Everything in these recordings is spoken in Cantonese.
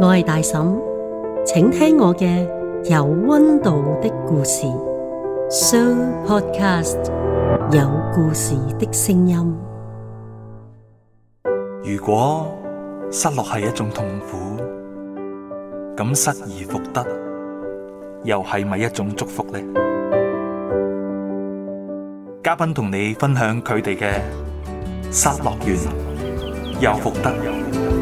我係大嬸，請聽我嘅有溫度的故事。Show Podcast 有故事的聲音。如果失落係一種痛苦，咁失而復得又係咪一種祝福呢？嘉賓同你分享佢哋嘅失落完又復得。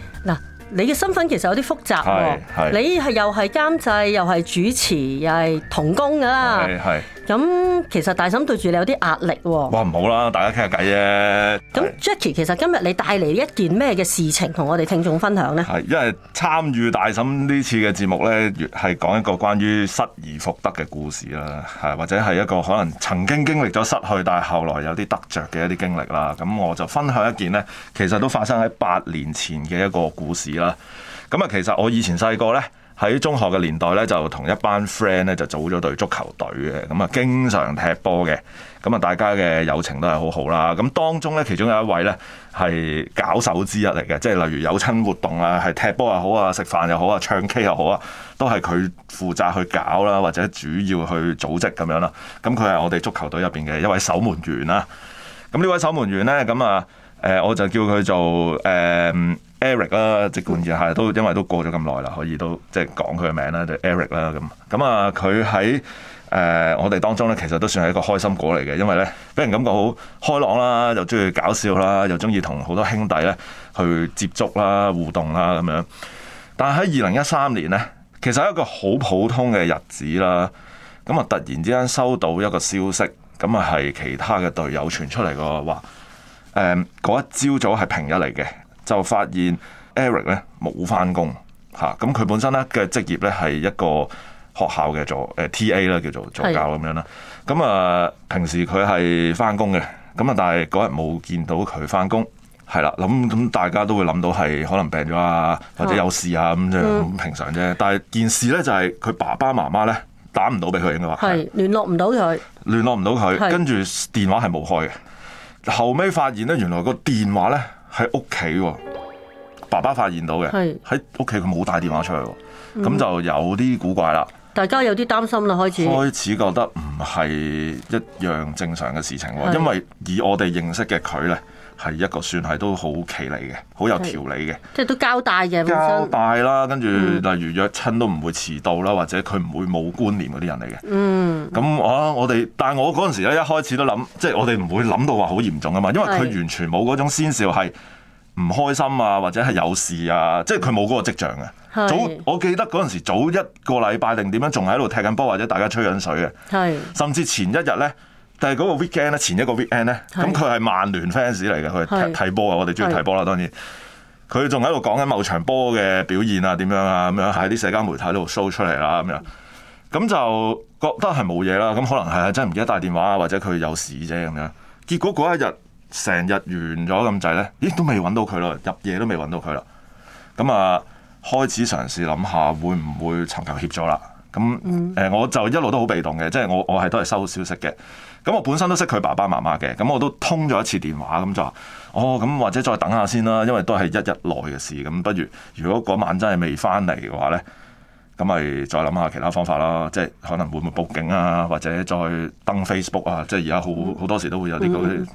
你嘅身份其實有啲複雜喎，你係又係監製，又係主持，又係童工㗎啦。咁其實大嬸對住你有啲壓力喎、哦。哇，唔好啦，大家傾下偈啫。咁 Jackie，係。其實今日你帶嚟一件咩嘅事情同我哋聽眾分享呢？係因為參與大嬸呢次嘅節目呢，係講一個關於失而復得嘅故事啦，係或者係一個可能曾經經歷咗失去，但係後來有啲得着嘅一啲經歷啦。咁我就分享一件呢，其實都發生喺八年前嘅一個故事啦。咁啊，其實我以前細個呢，喺中學嘅年代咧，就同一班 friend 咧就組咗隊足球隊嘅，咁、嗯、啊經常踢波嘅，咁、嗯、啊大家嘅友情都係好好、啊、啦。咁當中咧，其中有一位咧係搞手之一嚟嘅，即係例如有親活動啊，係踢波又好啊，食飯又好啊，唱 K 又好啊，都係佢負責去搞啦、啊，或者主要去組織咁樣啦。咁佢係我哋足球隊入邊嘅一位守門員啦、啊。咁、嗯、呢、嗯、位守門員咧，咁、嗯、啊。嗯嗯嗯嗯嗯嗯誒、呃，我就叫佢做誒、呃、Eric 啦、啊，即管而下都，因為都過咗咁耐啦，可以都即係講佢嘅名啦，就是、Eric 啦咁。咁啊，佢喺誒我哋當中咧，其實都算係一個開心果嚟嘅，因為咧俾人感覺好開朗啦，又中意搞笑啦，又中意同好多兄弟咧去接觸啦、互動啦咁樣。但係喺二零一三年咧，其實係一個好普通嘅日子啦。咁啊，突然之間收到一個消息，咁啊係其他嘅隊友傳出嚟個話。誒嗰、um，一朝早係平日嚟嘅，就發現 Eric 咧冇返工嚇。咁佢、啊、本身咧嘅職業咧係一個學校嘅助誒 T A 啦，呃、TA，叫做助教咁樣啦。咁是的 啊平時佢係返工嘅，咁啊但係嗰日冇見到佢返工，係啦諗咁大家都會諗到係可能病咗啊，或者有事啊咁咁是的 平常啫。但係件事咧就係、是、佢爸爸媽媽咧打唔到俾佢應該話係聯絡唔到佢，聯絡唔到佢，跟住電話係冇開嘅。後尾發現咧，原來個電話咧喺屋企喎，爸爸發現到嘅，喺屋企佢冇打電話出去喎，咁、嗯、就有啲古怪啦。大家有啲擔心啦，開始開始覺得唔係一樣正常嘅事情喎，是因為以我哋認識嘅佢咧。係一個算係都好企理嘅，好有條理嘅，即係都交代嘅。交代啦，跟住、嗯、例如約親都唔會遲到啦，或者佢唔會冇觀念嗰啲人嚟嘅。嗯，咁啊，我哋，但係我嗰陣時咧，一開始都諗，即係我哋唔會諗到話好嚴重啊嘛，因為佢完全冇嗰種先兆係唔開心啊，或者係有事啊，即係佢冇嗰個跡象嘅。早是我記得嗰陣時早一個禮拜定點樣仲喺度踢緊波，或者大家吹緊水嘅。係是，甚至前一日咧。但係嗰個 weekend 咧，前一個 weekend 咧、嗯，咁佢係曼聯 fans 嚟嘅，佢踢踢波啊！我哋中意踢波啦，當然佢仲喺度講緊某場波嘅表現啊，點樣啊咁樣喺啲社交媒體度 show 出嚟啦咁樣，咁就覺得係冇嘢啦。咁可能係真係唔記得帶電話啊，或者佢有事啫咁樣。結果嗰一日成日完咗咁滯咧，咦都未揾到佢咯，入夜都未揾到佢啦。咁啊，開始嘗試諗下會唔會尋求協助啦。咁誒、呃，我就一路都好被動嘅，即係我我係都係收消息嘅。咁我本身都識佢爸爸媽媽嘅，咁我都通咗一次電話，咁就話哦，咁或者再等下先啦，因為都係一日內嘅事，咁不如如果嗰晚真係未翻嚟嘅話呢，咁咪再諗下其他方法啦，即係可能會唔會報警啊，或者再登 Facebook 啊，即係而家好好多時都會有啲啲。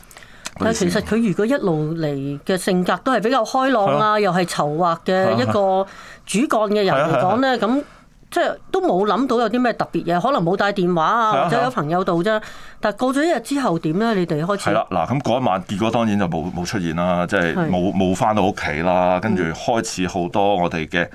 但其實佢如果一路嚟嘅性格都係比較開朗啊，啊又係籌劃嘅一個主幹嘅人嚟講，、啊啊啊啊、講呢。咁。即係都冇諗到有啲咩特別嘢，可能冇帶電話啊，或者有朋友度啫。啊、但係過咗一日之後點咧？你哋開始係啦、啊，嗱咁嗰一晚結果當然就冇冇出現啦，即係冇冇翻到屋企啦。跟住開始好多我哋嘅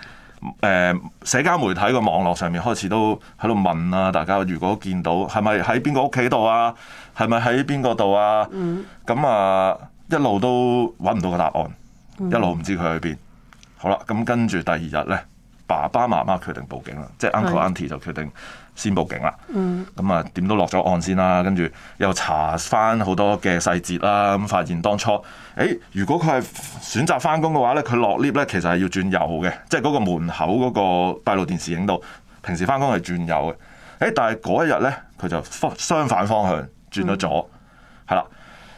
誒社交媒體嘅網絡上面開始都喺度問啊，大家如果見到係咪喺邊個屋企度啊？係咪喺邊個度啊？咁、嗯、啊一路都揾唔到個答案，一路唔知佢喺邊。嗯、好啦，咁跟住第二日咧。爸爸媽媽決定報警啦，即係 uncle auntie 就決定先報警啦。咁啊的、嗯嗯，點都落咗案先啦。跟住又查翻好多嘅細節啦，咁發現當初，誒、欸，如果佢係選擇翻工嘅話咧，佢落 lift 咧其實係要轉右嘅，即係嗰個門口嗰個閉路電視影到，平時翻工係轉右嘅。誒、欸，但係嗰一日咧，佢就相反方向轉咗左，係啦、嗯。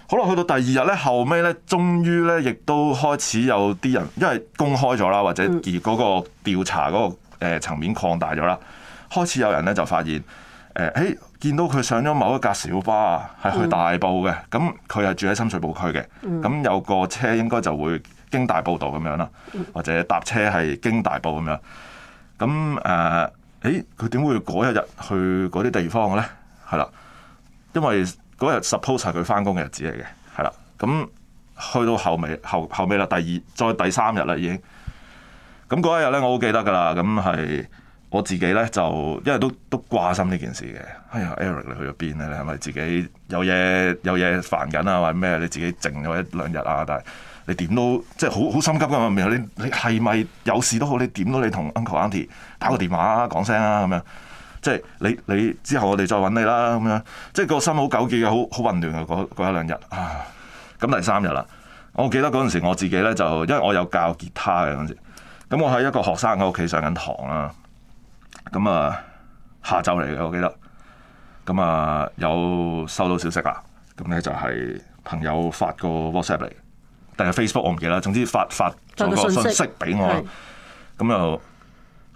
好啦，去到第二日咧，後尾咧，終於咧，亦都開始有啲人，因為公開咗啦，或者而嗰個調查嗰個誒層面擴大咗啦，嗯、開始有人咧就發現誒，喺、欸、見到佢上咗某一架小巴，係去大埔嘅，咁佢係住喺深水埗區嘅，咁、嗯、有個車應該就會經大埔道咁樣啦，嗯、或者搭車係經大埔咁樣，咁誒，誒佢點會嗰一日去嗰啲地方嘅咧？係啦，因為。嗰日 suppose 係佢翻工嘅日子嚟嘅，係啦，咁、嗯、去到後尾後後尾啦，第二再第三日啦，已經，咁、嗯、嗰一日咧，我好記得噶啦，咁、嗯、係我自己咧就，因為都都掛心呢件事嘅，哎呀 Eric 你去咗邊咧？你係咪自己有嘢有嘢煩緊啊？或者咩？你自己靜咗一兩日啊？但係你點都即係好好心急噶嘛？明你你係咪有事都好？你點都你同 Uncle Auntie 打個電話講聲啊，咁樣。即係你你之後我哋再揾你啦咁樣，即係個心好糾結嘅，好好混亂嘅嗰一兩日啊。咁第三日啦，我記得嗰陣時我自己呢，就因為我有教吉他嘅嗰陣時，咁我喺一個學生嘅屋企上緊堂啦。咁啊，下晝嚟嘅我記得。咁啊，有收到消息啦，咁呢就係朋友發個 WhatsApp 嚟，但係 Facebook 我唔記得。總之發發個訊發個信息俾我，咁又。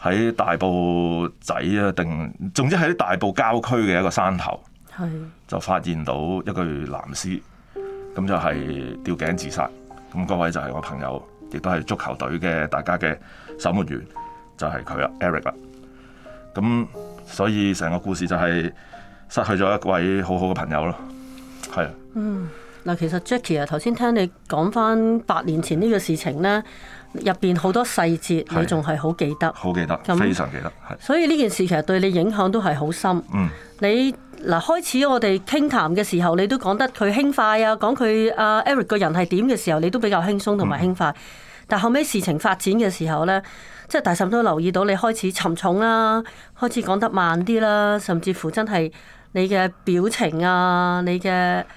喺大埔仔啊，定，總之喺大埔郊區嘅一個山頭，的就發現到一具男屍，咁就係吊頸自殺。咁各位就係我朋友，亦都係足球隊嘅，大家嘅守門員，就係佢啦，Eric 啦。咁所以成個故事就係失去咗一位好好嘅朋友咯，係。嗯嗱，其實 Jackie 啊，頭先聽你講翻八年前呢個事情呢，入邊好多細節，的你仲係好記得，好記得，非常記得。所以呢件事其實對你影響都係好深。嗯、你嗱、啊、開始我哋傾談嘅時候，你都講得佢輕快啊，講佢阿 Eric 個人係點嘅時候，你都比較輕鬆同埋輕快。嗯、但後尾事情發展嘅時候呢，即係大嬸都留意到你開始沉重啦、啊，開始講得慢啲啦、啊，甚至乎真係你嘅表情啊，你嘅～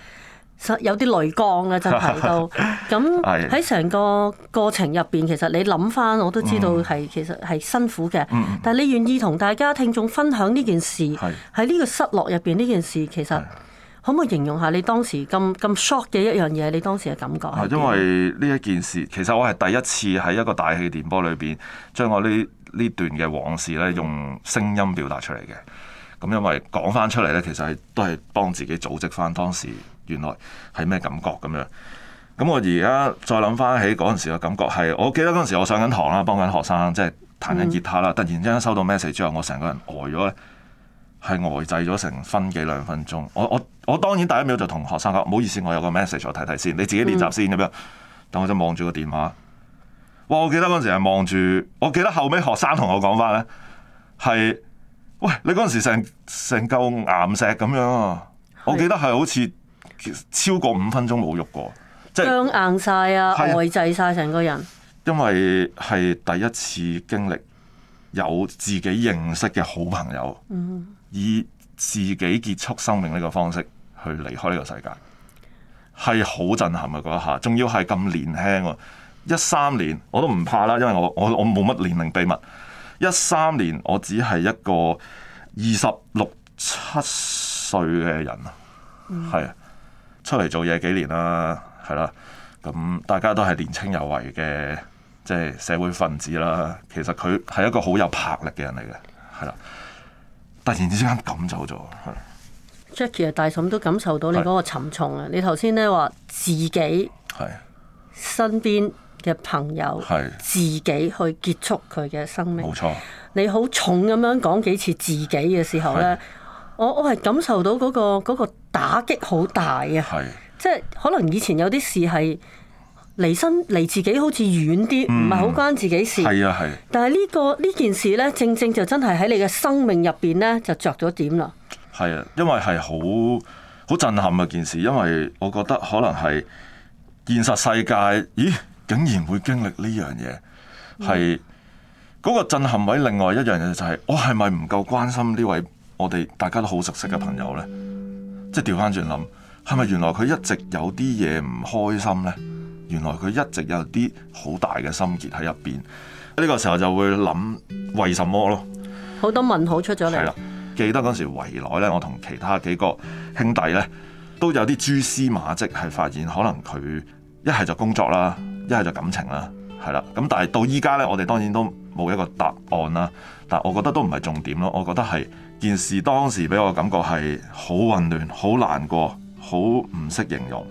有啲淚光嘅就提到，咁喺成個過程入邊，其實你諗翻，我都知道係、嗯、其實係辛苦嘅。嗯、但係你願意同大家聽眾分享呢件事，喺呢是個失落入邊呢件事，其實是可唔可以形容下你當時咁咁 shock 嘅一樣嘢？你當時嘅感覺。因為呢一件事，其實我係第一次喺一個大氣電波裏邊，將我呢呢段嘅往事咧，用聲音表達出嚟嘅。咁因為講翻出嚟咧，其實係都係幫自己組織翻當時原來係咩感覺咁樣。咁我而家再諗翻起嗰陣時嘅感覺係，我記得嗰陣時我上緊堂啦，幫緊學生即係彈緊吉他啦。突然之間收到 message 之後，我成個人呆咗咧，係呆滯咗成分幾兩分鐘。我我我當然第一秒就同學生講：唔好意思，我有個 message，我睇睇先，你自己練習先咁樣。但我就望住個電話。哇！我記得嗰陣時係望住，我記得後尾學生同我講翻咧係。喂，你嗰陣時成成嚿岩石咁樣啊？的我記得係好似超過五分鐘冇喐過，即僵硬晒啊，呆滯晒成個人。因為係第一次經歷有自己認識嘅好朋友，嗯、哼以自己結束生命呢個方式去離開呢個世界，係好震撼嘅嗰一下。仲要係咁年輕，一三年我都唔怕啦，因為我我我冇乜年齡秘密。一三年我只係一個二十六七歲嘅人啊，係啊、嗯，出嚟做嘢幾年啦，係啦，咁大家都係年青有為嘅，即係社會分子啦。其實佢係一個好有魄力嘅人嚟嘅，係啦，突然之間噉走咗，係。Jackie 大嬸都感受到你嗰個沉重啊！的你頭先咧話自己，係身邊。嘅朋友，自己去結束佢嘅生命。冇錯，你好重咁樣講幾次自己嘅時候咧是，我我係感受到嗰個嗰個打擊好大啊！係是，即係可能以前有啲事係離身離自己好似遠啲，唔係好關自己事。係啊，係、啊。啊、但係、呢、呢個呢件事咧，正正就真係喺你嘅生命入邊咧，就着咗點啦。係啊，因為係好好震撼嘅件事，因為我覺得可能係現實世界，咦？竟然會經歷呢樣嘢，係嗰個震撼位。另外一樣嘢就係我係咪唔夠關心呢位我哋大家都好熟悉嘅朋友呢？即係調翻轉諗，係咪原來佢一直有啲嘢唔開心呢？原來佢一直有啲好大嘅心結喺入邊。呢個時候就會諗為什麼咯，好多問號出咗嚟。係啦，記得嗰時圍內呢，我同其他幾個兄弟呢，都有啲蛛絲馬跡，係發現可能佢一係就工作啦。一係就感情啦，係啦，咁但係到依家呢，我哋當然都冇一個答案啦。但係我覺得都唔係重點咯。我覺得係件事當時俾我感覺係好混亂、好難過、好唔識形容、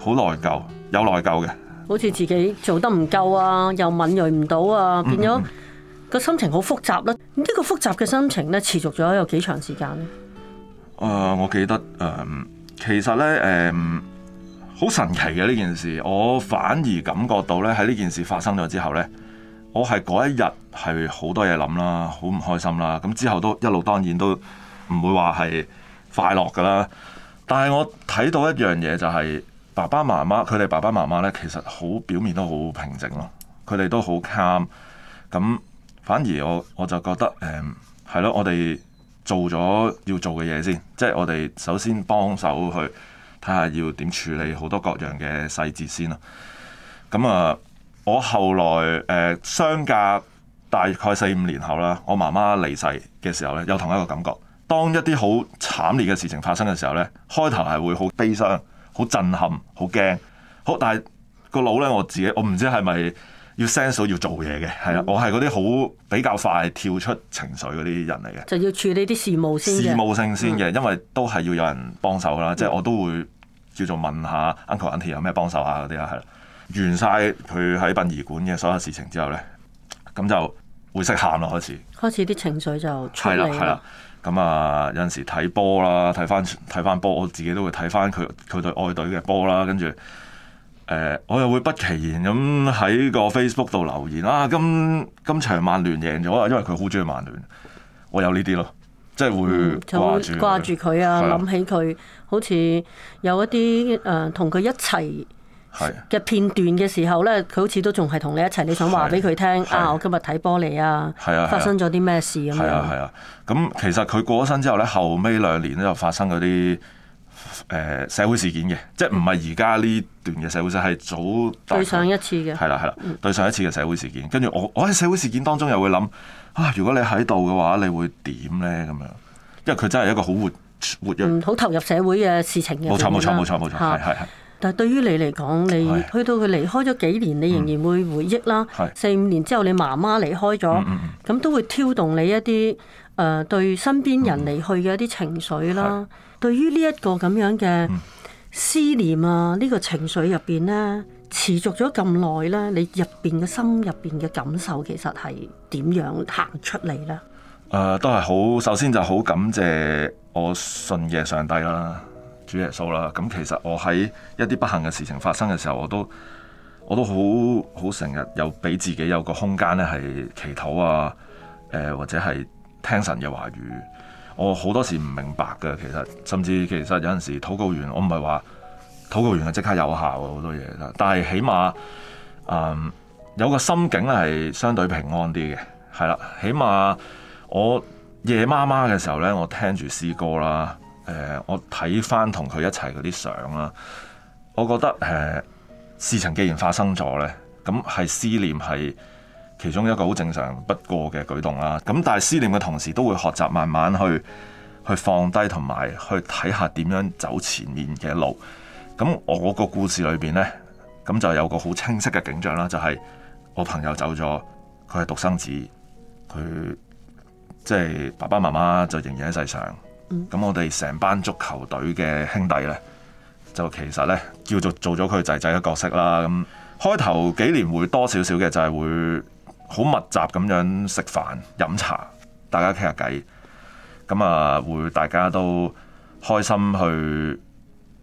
好內疚，有內疚嘅，好似自己做得唔夠啊，又敏銳唔到啊，變咗個心情好複雜啦。呢、嗯嗯嗯、個複雜嘅心情呢，持續咗有幾長時間呢？啊、呃，我記得誒、呃，其實呢。誒、呃。好神奇嘅、啊、呢件事，我反而感覺到呢，喺呢件事發生咗之後呢，我係嗰一日係好多嘢諗啦，好唔開心啦。咁之後都一路當然都唔會話係快樂㗎喇。但係我睇到一樣嘢就係爸爸媽媽佢哋，爸爸媽媽呢，其實好表面都好平靜咯，佢哋都好 calm。咁反而我我就覺得誒，係咯，我哋做咗要做嘅嘢先，即係我哋首先幫手去。睇下要點處理好多各樣嘅細節先咯、啊。咁、嗯、啊，我後來誒、呃、相隔大概四五年後啦，我媽媽離世嘅時候咧，有同一個感覺。當一啲好慘烈嘅事情發生嘅時候咧，開頭係會好悲傷、好震撼、好驚。好，但係個腦咧，我自己我唔知係咪要 sense 要做嘢嘅，係啦，嗯、我係嗰啲好比較快跳出情緒嗰啲人嚟嘅，就要處理啲事務先。事務性先嘅，嗯、因為都係要有人幫手㗎啦，即係我都會。叫做問下 Uncle Andy 有咩幫手啊嗰啲啊。係完晒佢喺殯儀館嘅所有事情之後咧，咁就會識喊啦開始。開始啲情緒就出嚟，係啦。咁啊、嗯、有陣時睇波啦，睇翻睇翻波，我自己都會睇翻佢佢對愛隊嘅波啦。跟住誒，我又會不其然咁喺個 Facebook 度留言啦、啊。今今場曼聯贏咗，因為佢好中意曼聯，我有呢啲咯。即係會掛住佢啊，諗、啊、起佢好似有一啲誒、呃、同佢一齊嘅片段嘅時候呢，佢好似都仲係同你一齊。你想話俾佢聽啊，我今日睇玻璃啊，啊發生咗啲咩事咁樣。係啊係啊，咁、啊啊嗯、其實佢過咗身之後呢，後尾兩年呢又發生嗰啲誒社會事件嘅，即係唔係而家呢段嘅社會事係早對上一次嘅係啦係啦，對、啊啊、上一次嘅、嗯嗯、社會事件。跟住我我喺社會事件當中又會諗。啊！如果你喺度嘅話，你會點呢？咁樣，因為佢真係一個好活活躍，好、嗯、投入社會嘅事情嘅，冇錯冇錯冇錯冇錯，係係。但係對於你嚟講，你去到佢離開咗幾年，你仍然會回憶啦。四五、嗯、年之後，你媽媽離開咗，咁、嗯嗯嗯、都會挑動你一啲誒、呃、對身邊人離去嘅一啲情緒啦。嗯、係對於呢一個咁樣嘅思念啊，呢、呢個情緒入邊呢。持續咗咁耐咧，你入邊嘅心入邊嘅感受，其實係點樣行出嚟呢？誒、呃，都係好。首先就好感謝我信嘅上帝啦，主耶穌啦。咁、嗯、其實我喺一啲不幸嘅事情發生嘅時候，我都我都好好成日有俾自己有個空間咧，係祈禱啊，誒、呃、或者係聽神嘅話語。我好多時唔明白㗎，其實甚至其實有陣時禱告完，我唔係話。禱告完就即刻有效喎，好多嘢啦。但係起碼、嗯，有個心境係相對平安啲嘅，係啦。起碼我夜媽媽嘅時候呢，我聽住詩歌啦、呃，我睇翻同佢一齊嗰啲相啦，我覺得誒、呃、事情既然發生咗呢，咁係思念係其中一個好正常不過嘅舉動啦。咁但係思念嘅同時，都會學習慢慢去去放低，同埋去睇下點樣走前面嘅路。咁我個故事裏邊呢，咁就有個好清晰嘅景象啦，就係、是、我朋友走咗，佢係獨生子，佢即係爸爸媽媽就仍然喺世上，咁我哋成班足球隊嘅兄弟呢，就其實呢叫做做咗佢仔仔嘅角色啦。咁開頭幾年會多少少嘅就係、是、會好密集咁樣食飯飲茶，大家傾下偈。咁啊會大家都開心去。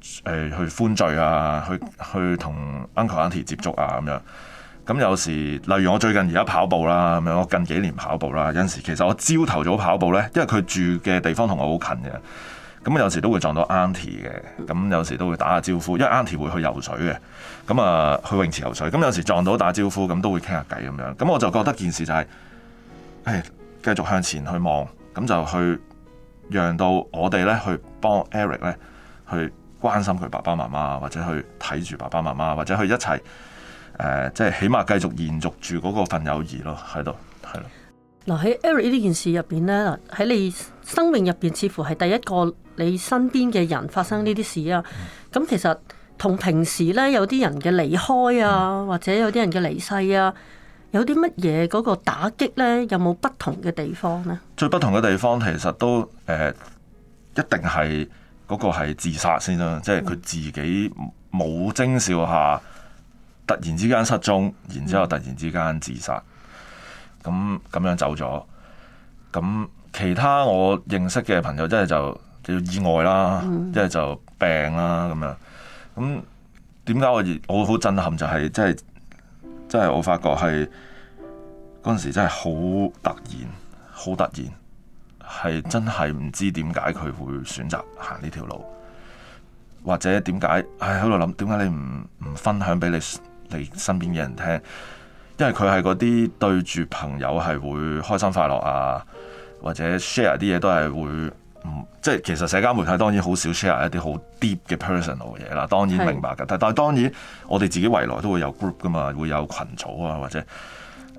誒去歡聚啊，去去同 uncle auntie 接觸啊咁樣。咁、嗯、有時，例如我最近而家跑步啦，咁樣我近幾年跑步啦，有時其實我朝頭早跑步咧，因為佢住嘅地方同我好近嘅。咁、嗯、有時都會撞到 auntie 嘅，咁、嗯、有時都會打下招呼，因為 auntie 會去游水嘅，咁、嗯、啊、嗯、去泳池游水。咁、嗯、有時撞到打招呼，咁、嗯、都會傾下偈咁樣。咁、嗯、我就覺得件事就係、是，誒繼續向前去望，咁、嗯、就去讓到我哋咧去幫 Eric 咧去。關心佢爸爸媽媽，或者去睇住爸爸媽媽，或者去一齊誒、呃，即係起碼繼續延續住嗰個份友誼咯，喺度係咯。嗱喺 Eric 呢件事入邊咧，喺你生命入邊，似乎係第一個你身邊嘅人發生呢啲事啊。咁、嗯嗯嗯、其實同平時咧，有啲人嘅離開啊，或者有啲人嘅離世啊，有啲乜嘢嗰個打擊咧，有冇不同嘅地方咧？最不同嘅地方，其實都誒、呃，一定係。嗰個係自殺先啦，即係佢自己冇徵兆下突然之間失蹤，然之後突然之間自殺，咁咁樣走咗。咁其他我認識嘅朋友，即係就，就叫意外啦，即係、嗯、就病啦咁樣。咁點解我我好震撼，就係，就係即係即係我發覺係嗰陣時真係好突然，好突然。係真係唔知點解佢會選擇行呢條路，或者點解唉喺度諗，點解你唔唔分享俾你你身邊嘅人聽？因為佢係嗰啲對住朋友係會開心快樂啊，或者 share 啲嘢都係會唔、嗯、即係其實社交媒體當然好少 share 一啲好 deep 嘅 personal 嘅嘢啦，當然明白嘅。是但但係當然我哋自己未來都會有 group 噶嘛，會有群組啊或者。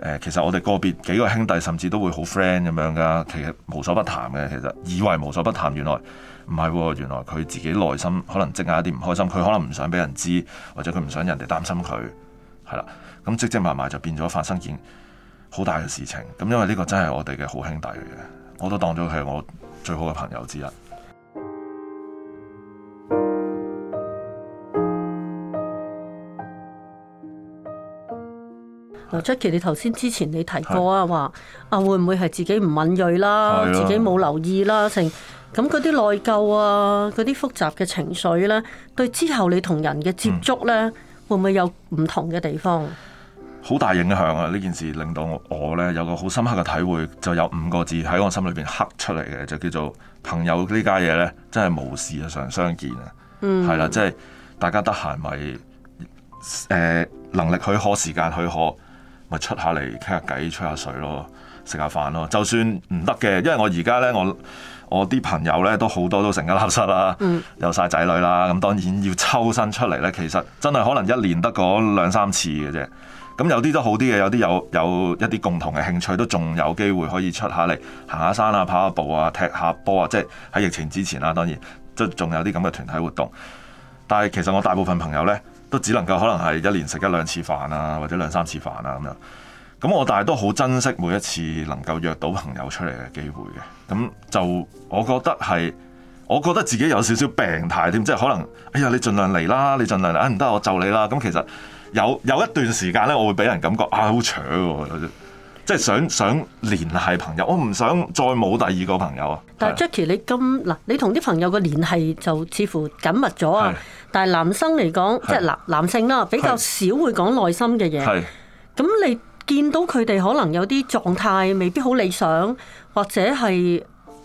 誒，其實我哋個別幾個兄弟，甚至都會好 friend 咁樣㗎，其實無所不談嘅。其實以為無所不談，原來唔係喎。原來佢自己內心可能積壓一啲唔開心，佢可能唔想俾人知，或者佢唔想人哋擔心佢，係啦。咁積積埋埋就變咗發生件好大嘅事情。咁、嗯、因為呢個真係我哋嘅好兄弟嚟嘅，我都當咗佢係我最好嘅朋友之一。嗱，Jackie，你頭先之前你提過的啊，話啊會唔會係自己唔敏鋭啦，的自己冇留意啦，成咁嗰啲內疚啊，嗰啲複雜嘅情緒咧，對之後你同人嘅接觸咧，嗯、會唔會有唔同嘅地方？好大影響啊！呢件事令到我咧有個好深刻嘅體會，就有五個字喺我心裏邊刻出嚟嘅，就叫做朋友呢家嘢咧，真係無事常相見啊！嗯，係啦，即係大家得閒咪誒能力許可，時間許可。出下嚟傾下偈，吹下水咯，食下飯咯。就算唔得嘅，因為我而家呢，我我啲朋友呢都好多都成家立室啦、啊，嗯、有晒仔女啦。咁當然要抽身出嚟呢，其實真係可能一年得嗰兩三次嘅啫。咁有啲都好啲嘅，有啲有有一啲共同嘅興趣，都仲有機會可以出下嚟行下山啊，跑下步啊，踢下波啊。即係喺疫情之前啦、啊，當然即仲有啲咁嘅團體活動。但係其實我大部分朋友呢，都只能夠可能係一年食一兩次飯啊，或者兩三次飯啊咁樣。咁我但係都好珍惜每一次能夠約到朋友出嚟嘅機會嘅。咁就我覺得係，我覺得自己有少少病態添，即係可能，哎呀，你盡量嚟啦，你盡量嚟，哎、唔得、我就你啦。咁其實有有一段時間呢，我會俾人感覺啊好扯喎、啊。即係想想聯繫朋友，我唔想再冇第二個朋友啊！但係 Jackie，你咁嗱，你同啲朋友嘅聯繫就似乎緊密咗啊！的但係男生嚟講，即係的男男性啦，比較少會講內心嘅嘢。係的，咁你見到佢哋可能有啲狀態未必好理想，或者係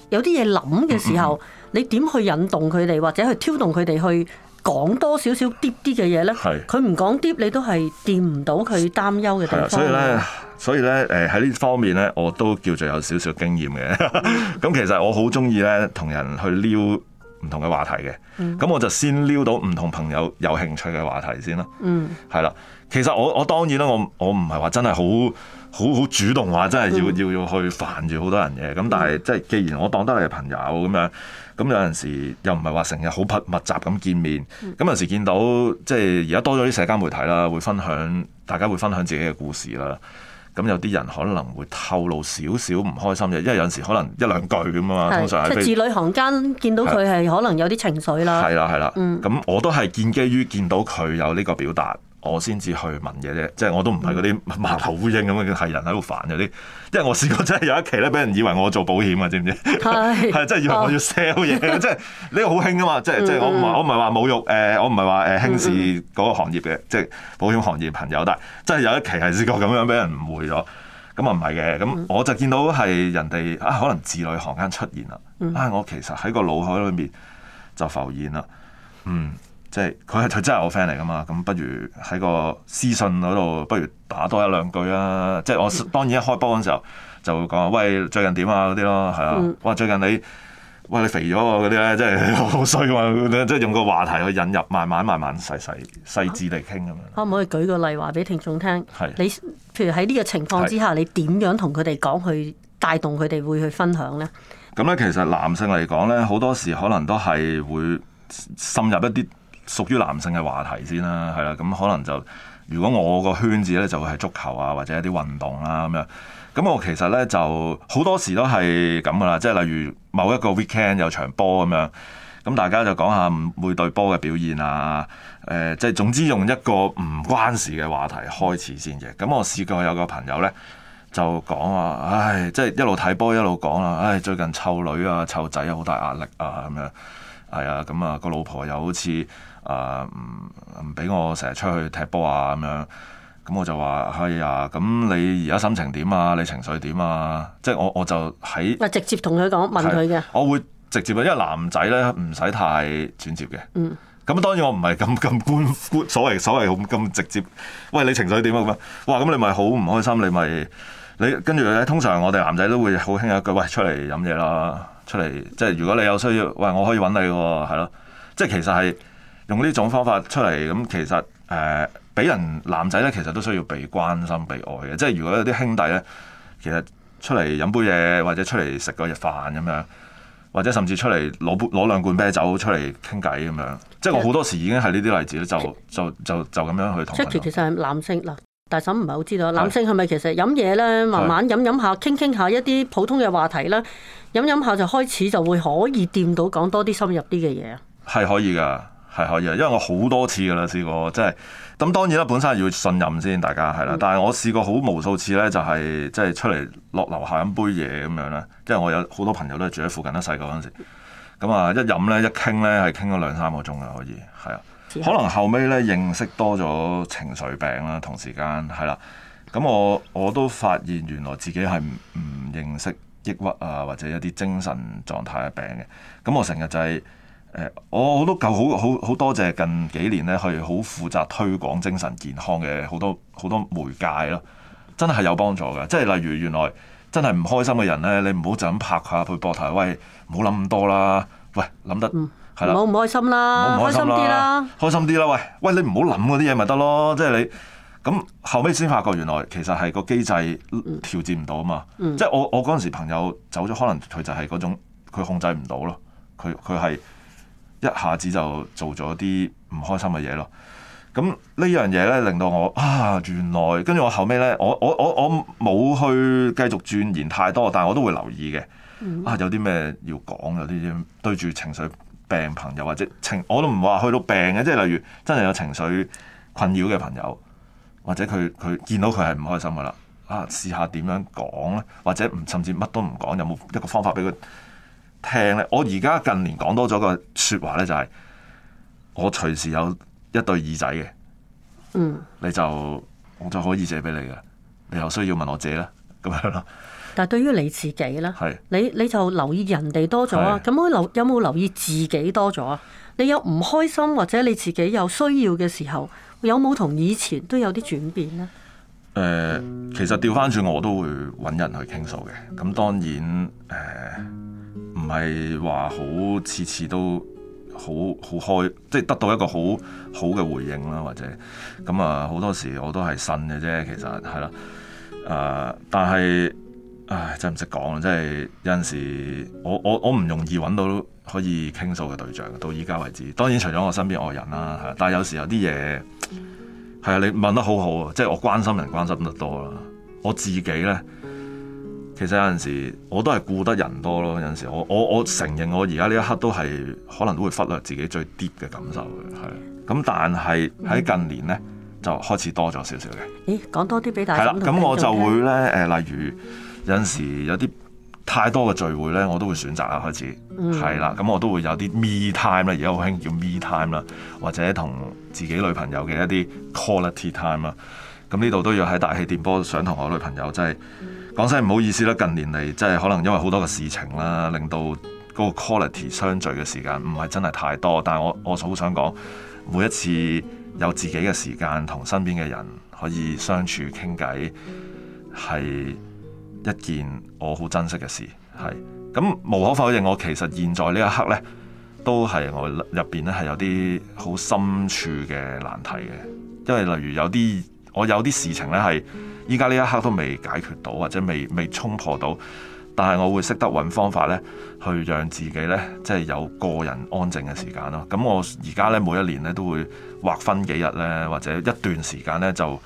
有啲嘢諗嘅時候， 你點去引動佢哋，或者去挑動佢哋去？講多少少深啲嘅嘢呢？佢唔講深，你都係掂唔到佢擔憂嘅地方。所以呢，所以呢，誒喺呢方面呢，我都叫做有少少經驗嘅。咁、 嗯、其實我好中意呢，同人去撩唔同嘅話題嘅。咁、嗯、我就先撩到唔同朋友有興趣嘅話題先啦。嗯，係啦。其實我我當然啦，我我唔係話真係好好，好主動話，真係要要去煩住好多人嘅。咁但係即係既然我當得你係朋友咁樣。咁有陣時又唔係話成日好密密集咁見面，咁有陣時見到即係而家多咗啲社交媒體啦，會分享大家會分享自己嘅故事啦。咁有啲人可能會透露少少唔開心嘅，因為有陣時可能一兩句咁啊嘛。的通常即係字裏行間見到佢係可能有啲情緒啦。係啦係啦，嗯。咁我都係建基於見到佢有呢個表達。我先至去問嘢，啫，即係我都唔係嗰啲盲頭烏蠅咁嘅，係人喺度煩嗰啲。因為我試過真係有一期咧，俾人以為我做保險啊，知唔知？係是 真即係以為我要 sell 嘢， 即係呢、這個好興啊嘛！即係即係我唔我唔係話侮辱誒、呃，我唔係話誒輕視嗰個行業嘅，嗯嗯即係保險行業朋友，但係真係有一期係試過咁樣俾人誤會咗，咁啊唔係嘅，咁我就見到係人哋啊，可能字裏行間出現啦，啊，我其實喺個腦海裏面就浮現啦，嗯。即係佢係佢真係我 friend 嚟噶嘛？咁不如喺個私信嗰度，不如打多一兩句啦。即係我當然一開波嗰陣時候，就會講喂，最近點啊嗰啲咯，係啊。哇、嗯、最近你喂你肥咗啊嗰啲咧，即係好衰啊！即係用個話題去引入，慢慢慢慢細細細緻嚟傾咁樣。可唔可以舉個例話俾聽眾聽？是你譬如喺呢個情況之下，是你點樣同佢哋講去帶動佢哋會去分享咧？咁咧其實男性嚟講咧，好多時可能都係會深入一啲。屬於男性嘅話題先啦、啊，係啦、啊，咁可能就如果我個圈子呢，就係、是、足球啊，或者一啲運動啦、啊、咁樣，咁我其實呢，就好多時都係咁噶啦，即係例如某一個 weekend 有場波咁樣，咁大家就講下每隊波嘅表現啊，欸、即係總之用一個唔關事嘅話題開始先嘅、啊。咁我試過有個朋友呢，就講話、啊，唉，即、就、係、是、一路睇波一路講啦、啊，唉，最近湊女啊湊仔啊好大壓力啊咁樣，係啊，咁啊個老婆又好似～啊，唔唔俾我成日出去踢波啊咁樣，咁我就話，哎呀，咁你而家心情點啊？你情緒點啊？即係我我就喺，直接同佢講問佢嘅，我會直接因為男仔咧唔使太轉接嘅。咁啊、嗯，當然我唔係咁咁官所謂所謂咁咁直接。喂，你情緒點啊？咁樣，哇，咁你咪好唔開心？你咪你跟住咧，通常我哋男仔都會好輕一句，喂，出嚟飲嘢啦，出嚟即係如果你有需要，喂，我可以揾你喎，係咯，即係其實係。用呢種方法出嚟咁，其實誒俾人男仔咧，其實都需要被關心、被愛嘅。即係如果有啲兄弟咧，其實出嚟飲杯嘢，或者出嚟食個日飯咁樣，或者甚至出嚟攞杯攞兩罐啤酒出嚟傾偈咁樣。即係我好多時已經係呢啲例子啦，就就就就咁樣去同，Jacky 其實係男性嗱，大嬸唔係好知道男性係咪其實飲嘢咧，慢慢飲飲下，傾傾下一啲普通嘅話題啦，飲飲下就開始就會可以掂到講多啲深入啲嘅嘢啊，係可以㗎。係可以，因為我好多次㗎喇試過，即係咁當然啦，本身係要信任先，大家係啦。但係我試過好無數次呢，就係、是、即係出嚟落樓下飲杯嘢咁樣啦。即係我有好多朋友都係住喺附近啦，細個嗰陣時咁啊，一飲呢，一傾呢，係傾咗兩三個鐘啊，可以係啊。可能後尾呢，認識多咗情緒病啦，同時間係啦。咁我我都發現原來自己係唔認識抑鬱啊，或者一啲精神狀態嘅病嘅。咁我成日就係、是。誒，我好多舊好好好多謝近幾年咧，係好負責推廣精神健康嘅好多好多媒介咯，真係有幫助嘅。即係例如，原來真係唔開心嘅人咧，你唔好就咁拍下佢膊頭。喂，唔好諗咁多啦。喂，諗得係啦，唔好唔開心啦，開心啲啦，開心啲啦。喂，喂，你唔好諗嗰啲嘢咪得咯。即係你咁後尾先發覺，原來其實係個機制調節唔到啊嘛。嗯嗯、即係我我嗰陣時朋友走咗，可能佢就係嗰種佢控制唔到咯，佢佢係。一下子就做咗啲唔開心嘅嘢咯，咁呢樣嘢咧令到我啊原來跟住我後尾咧，我我我我冇去繼續鑽研太多，但係我都會留意嘅。啊，有啲咩要講？有啲對住情緒病朋友或者情，我都唔話去到病嘅，即係例如真係有情緒困擾嘅朋友，或者佢佢見到佢係唔開心噶啦，啊試下點樣講咧？或者唔甚至乜都唔講，有冇一個方法俾佢？聽咧，我而家近年講多咗個說話咧，就係、是、我隨時有一對耳仔嘅，嗯，你就我就可以借俾你嘅，你有需要問我借啦，咁樣咯。但係對於你自己咧，係是你你就留意人哋多咗啊，咁我留有冇留意自己多咗啊？你有唔開心或者你自己有需要嘅時候，有冇同以前都有啲轉變呢？誒、嗯，其實調翻轉我都會揾人去傾訴嘅，咁當然誒。嗯唔係話好次次都好好開，即係得到一個好好嘅回應啦，或者咁啊，好多時我都係信嘅啫，其實係咯，誒、呃，但係，唉，真唔識講，即係有陣時我，我我我唔容易揾到可以傾訴嘅對象，到依家為止。當然除咗我身邊愛人啦，嚇，但係有時候有啲嘢係啊，你問得好好啊，即係我關心人關心得多啦，我自己呢。其實有陣時我都係顧得人多咯，有陣時我我我承認我而家呢一刻都係可能都會忽略自己最 deep 嘅感受嘅，係。咁但係喺近年咧、嗯、就開始多咗少少嘅。咦，講多啲俾大家。咁我就會咧誒、呃，例如有陣時有啲太多嘅聚會咧，我都會選擇啊開始。係啦、嗯，咁我都會有啲 me time 啦，而家好興叫 me time 啦，或者同自己女朋友嘅一啲 quality time 啦。咁呢度都要喺大氣電波想同我女朋友真係。就是嗯。講真唔好意思啦，近年嚟即係可能因為好多嘅事情啦，令到嗰個 quality 相聚嘅時間唔係真係太多。但係我我好想講，每一次有自己嘅時間同身邊嘅人可以相處傾偈，係一件我好珍惜嘅事。係咁，無可否認我，我其實現在呢一刻呢，都係我入邊呢係有啲好深處嘅難題嘅，因為例如有啲我有啲事情呢係。依家呢一刻都未解決到，或者未未衝破到，但係我會識得揾方法呢，去讓自己呢，即係有個人安靜嘅時間咯。咁我而家呢，每一年呢，都會劃分幾日呢，或者一段時間呢，就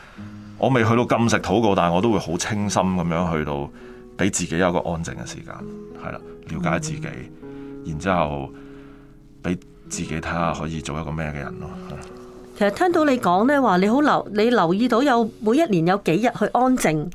我未去到禁食禱告，但係我都會好清心咁樣去到，俾自己有個安靜嘅時間，係啦，了解自己，然之後俾自己睇下可以做一個咩嘅人咯。其實聽到你講咧話，你好留你留意到有每一年有幾日去安靜，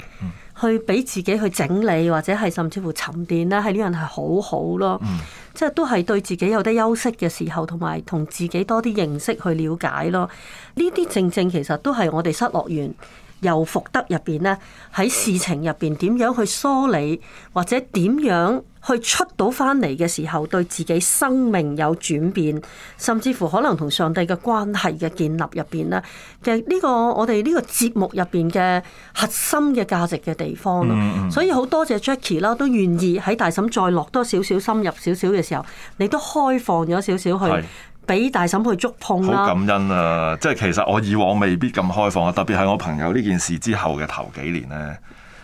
去俾自己去整理或者係甚至乎沉澱咧，係呢樣係好好咯，嗯、即係都係對自己有得休息嘅時候，同埋同自己多啲認識去了解咯。呢啲正正其實都係我哋失樂園。由復得入邊咧，喺事情入邊點樣去梳理，或者點樣去出到翻嚟嘅時候，對自己生命有轉變，甚至乎可能同上帝嘅關係嘅建立入邊咧，其實呢、呢個我哋呢個節目入邊嘅核心嘅價值嘅地方咯。嗯嗯，所以好多謝 Jackie 啦，都願意喺大嬸再落多少少深入少少嘅時候，你都開放咗少少去。俾大嬸去觸碰、啊、好感恩啊，即係其實我以往未必咁開放啊，特別係我朋友呢件事之後嘅頭幾年呢，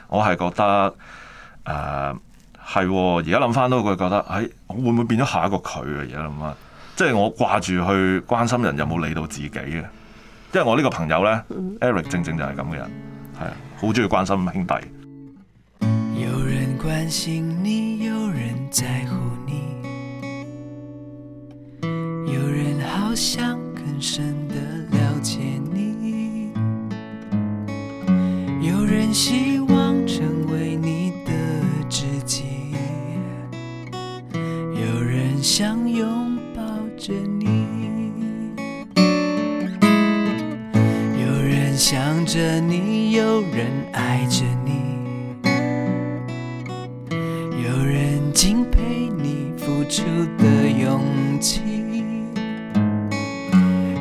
我係覺得誒係，而家諗翻都佢覺得，哎，我會唔會變咗下一個佢啊？而家諗翻，即係我掛住去關心人，有冇理到自己嘅？因為我呢個朋友呢、嗯、Eric 正正就係咁嘅人，係啊，好中意關心兄弟。有人關心你，有人在乎。我想更深地了解你，有人希望成為你的知己，有人想擁抱着你，有人想着你，有人愛着你，有人敬佩你付出的勇氣。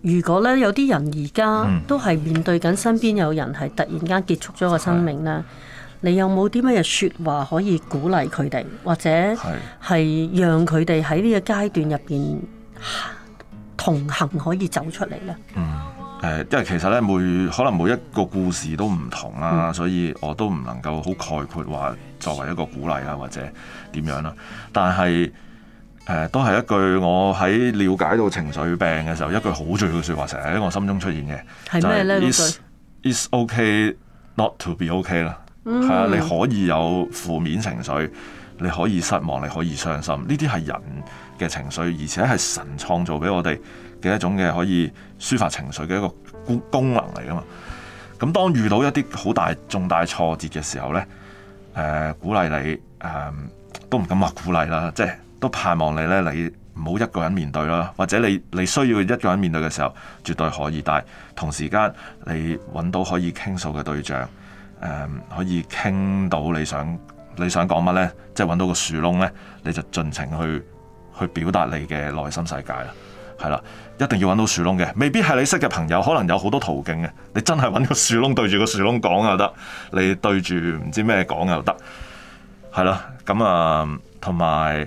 如果咧有啲人而家都係面對緊身邊有人係突然間結束咗個生命咧，的你有冇啲乜嘢説話可以鼓勵佢哋，或者係讓佢哋喺呢個階段入邊同行可以走出嚟咧？嗯，因為其實咧每可能每一個故事都唔同啊，的所以我都唔能夠好概括話作為一個鼓勵啊，或者點樣啦，但係。誒都係一句我喺了解到情緒病嘅時候，一句好重要嘅説話，成日喺我心中出現嘅，就係咩咧？It's okay not to be okay 啦、嗯，係啊，你可以有負面情緒，你可以失望，你可以傷心，呢啲係人嘅情緒，而且係神創造俾我哋嘅一種嘅可以抒發情緒嘅一個功能嚟噶嘛。咁當遇到一啲好大重大挫折嘅時候咧，誒、呃、鼓勵你，誒、呃、都唔敢話鼓勵啦，即係。都盼望你咧，你唔好一個人面對啦，或者你你需要一個人面對嘅時候，絕對可以。但係同時間你揾到可以傾訴嘅對象，誒、嗯、可以傾到你想你想講乜咧，即係揾到個樹窿咧，你就盡情去去表達你嘅內心世界啦。係啦，一定要揾到樹窿嘅，未必係你識嘅朋友，可能有好多途徑嘅。你真係揾個樹窿對住個樹窿講又得，你對住唔知咩講又得。係啦，咁啊，同埋。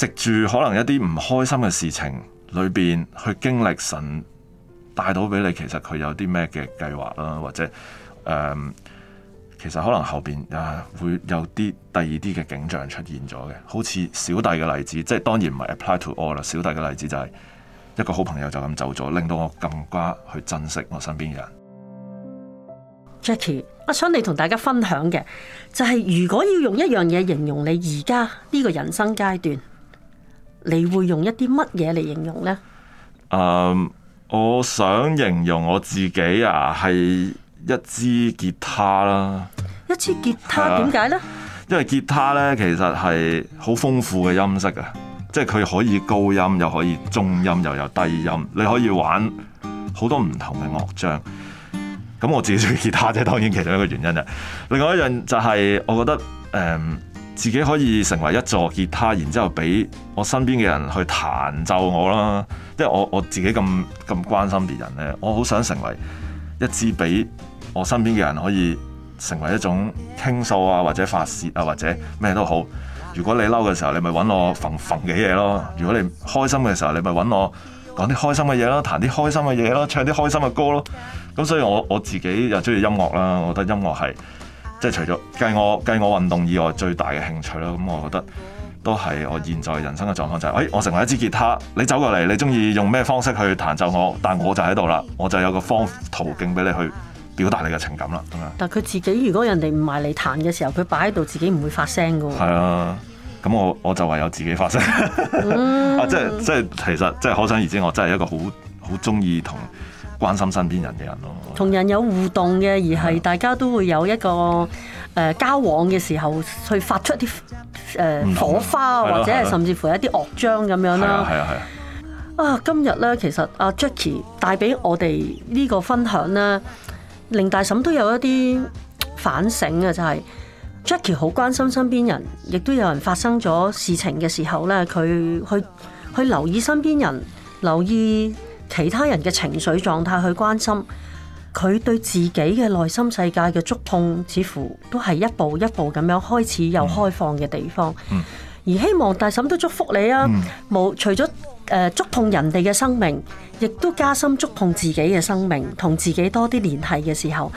藉住可能一啲唔開心嘅事情裏邊去經歷，神帶到俾你，其實佢有啲咩嘅計劃啦，或者誒、嗯，其實可能後邊啊會有啲第二啲嘅景象出現咗嘅，好似小弟嘅例子，即係當然唔係 apply to all 啦。小弟嘅例子就係一個好朋友就咁走咗，令到我更加去珍惜我身邊嘅人。Jackie，我想你同大家分享嘅就係、是，如果要用一樣嘢形容你而家呢個人生階段。你會用一啲乜嘢嚟形容呢？嗯，um, 我想形容我自己啊，係一支吉他啦。一支吉他點解、uh, 呢？因為吉他呢，其實係好豐富嘅音色噶，即係佢可以高音，又可以中音，又有低音，你可以玩好多唔同嘅樂章。咁我自己中意吉他啫，當然其中一個原因啊。另外一樣就係，我覺得誒。Um, 自己可以成為一座吉他，然之後俾我身邊嘅人去彈奏我啦。即係我我自己咁咁關心別人咧，我好想成為一支俾我身邊嘅人可以成為一種傾訴啊，或者發泄啊，或者咩都好。如果你嬲嘅時候，你咪揾我揈揈嘅嘢咯；如果你開心嘅時候，你咪揾我講啲開心嘅嘢咯，彈啲開心嘅嘢咯，唱啲開心嘅歌咯。咁所以我我自己又中意音樂啦，我覺得音樂係。即係除咗計我計我運動以外，最大嘅興趣咯。咁、嗯、我覺得都係我現在人生嘅狀況就係、是，誒、哎，我成為一支吉他。你走過嚟，你中意用咩方式去彈奏我？但我就喺度啦，我就有個方途徑俾你去表達你嘅情感啦。咁樣。但佢自己如果人哋唔係你彈嘅時候，佢擺喺度自己唔會發聲㗎喎。係啊，咁我我就唯有自己發聲。 啊，嗯、即係即係其實即係可想而知，我真係一個好好中意同。關心身邊人嘅人咯，同人有互動嘅，而係大家都會有一個誒、呃、交往嘅時候，去發出一啲誒、呃、火花，的或者係甚至乎一啲樂章咁樣啦。係啊係啊！今日咧，其實阿、啊、Jackie 帶俾我哋呢個分享咧，令大嬸都有一啲反省嘅，就係、是、Jackie 好關心身邊人，亦都有人發生咗事情嘅時候咧，佢去去留意身邊人，留意，其他人嘅情緒狀態去關心佢對自己嘅內心世界嘅觸痛，似乎都係一步一步咁樣開始有開放嘅地方。Mm. 而希望大嬸都祝福你啊！冇、mm. 除咗誒、呃、觸碰人哋嘅生命，亦都加深觸碰自己嘅生命，同自己多啲聯繫嘅時候，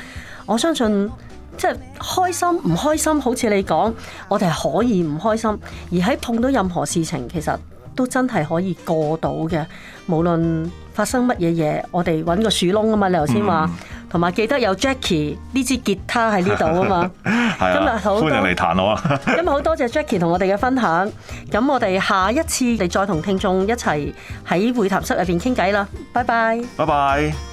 我相信即係開心唔開心，好似你講，我哋係可以唔開心，而喺碰到任何事情，其實。都真係可以過到嘅，無論發生乜嘢嘢，我哋揾個樹窿啊嘛。你頭先話，同埋、嗯、記得有 Jackie 呢支吉他喺呢度啊嘛。 今日好歡迎你彈我。 今日好多謝 Jackie 同我哋嘅分享。咁我哋下一次你再同聽眾一齊喺會談室入邊傾偈啦。拜拜，拜拜。